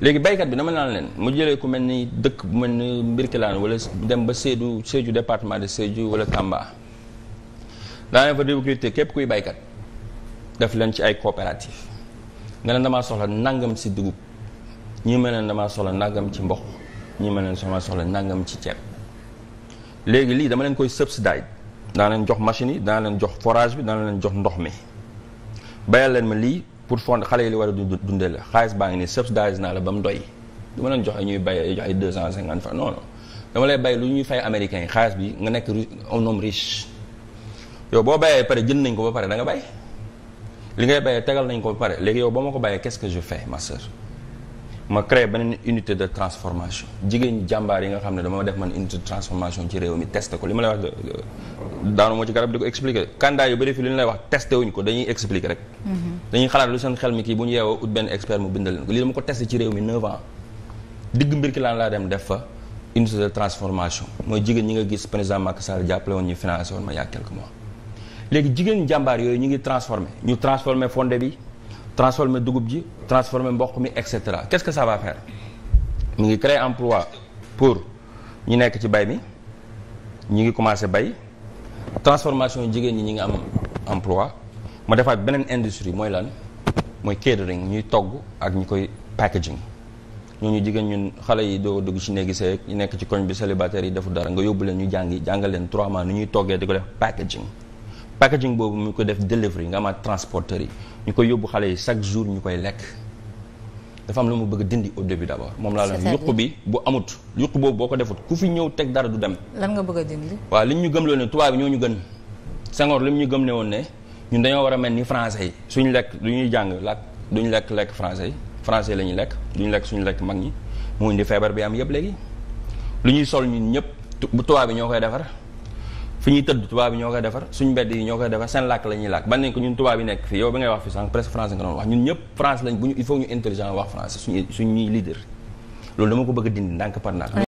léegi baykat bi dama naan leen mu jëlee ku mel ni dëkk bu mel ni Mbirkilaan wala dem ba Sédhiou Sédhiou département de Sédhiou wala Tamba daanaka fa recruter képp kuy baykat def leen ci ay coopérative nga ne damaa soxla nangam si dugub ñii mel ne damaa soxla nangam ci mboq ñi mel ne damaa soxla nangam ci ceeb léegi lii dama leen koy subsidise daan leen jox machine yi daan leen jox forage bi daan leen jox ndox mi bayal leen ma lii. pour fond xale yi li war a dundee la xaalis baa ngi nii subsidise naa la ba mu doy du ma leen joxe ñuy bay jox ay deux cent cinquante francs non dama lay bay lu ñuy fay américains yi xaalis bi nga nekk un homme riche yow boo bayee pare jën nañ ko ba pare da nga bay li ngay bayee tegal nañ ko ba pare léegi yow ba ma ko bayee qu'est-ce que je fais ma ma créé beneen unité de transformation jigéen ñi jàmbaar yi nga xam ne dama def man unité de transformation ci réew mi testé ko li ma lay wax daanu moo ci garab di ko expliqué candidat yu bëri fi li ñu lay wax mhm. lii dama ko testé ci réew mi 9 ans digg mbir ki laan laa dem def fa unité de transformation mooy jigéen ñi nga gis président Macky Sall jàppale woon ñu financé woon ma y'a quelques mois léegi jigéen jàmbaar yooyu ñu ngi transformé ñu transformé fondé bi transformer dugub ji transformer mboq mi et cetera qu'est-ce que ça va faire mu ngi créer emploi pour ñu nekk ci bay mi ñu ngi commencé bay transformation jigéen ñi ñi ngi am emploi ma defaat beneen industrie mooy lan mooy catering ñuy togg ak ñu koy packaging ñooñu jigéen ñun xale yi doo dugg ci néegi see ñu nekk ci koñ bi célibataire yi defu dara nga yóbbu leen ñu jàngi jàngal leen trois mois nu ñuy toggee di ko def packaging packaging boobu mu ngi ko def delivery nga amaat transporteur yi ñu koy yóbbu xale yi chaque jour ñu koy lekk dafa am lu mu bëgg dindi au de d' abord moom laa la yuq bi bu amut yuq boobu boo ko defut ku fi ñëw teg dara du dem lan nga bëgg a dindi waaw li ñu gëm loolu ne tubaab yi ñoo ñu gën Senghor li mu ñu gëm ne woon ne ñun dañoo war a mel ni français suñu lekk lu ñuy jàng làkk duñu lekk lekk français yi français la ñuy ñu duñu lekk suñu lekk mag ñi moo indi feebar bi am yëpp léegi lu ñuy sol ñun ñëpp bu tubaab bi ñoo koy defar fi ñuy tëdd tubaab yi ñoo koy defar suñu mbedd yi ñoo koy defar seen làkk la làkk ban ñun tubaab yi nekk fii yow bi ngay wax fi sànq presque français nga doon wax ñun ñëpp France lañ bu ñu il faut ñu intelligent wax français suñu suñuy leader loolu dama ko bëgg a dindi ndànk par ndànk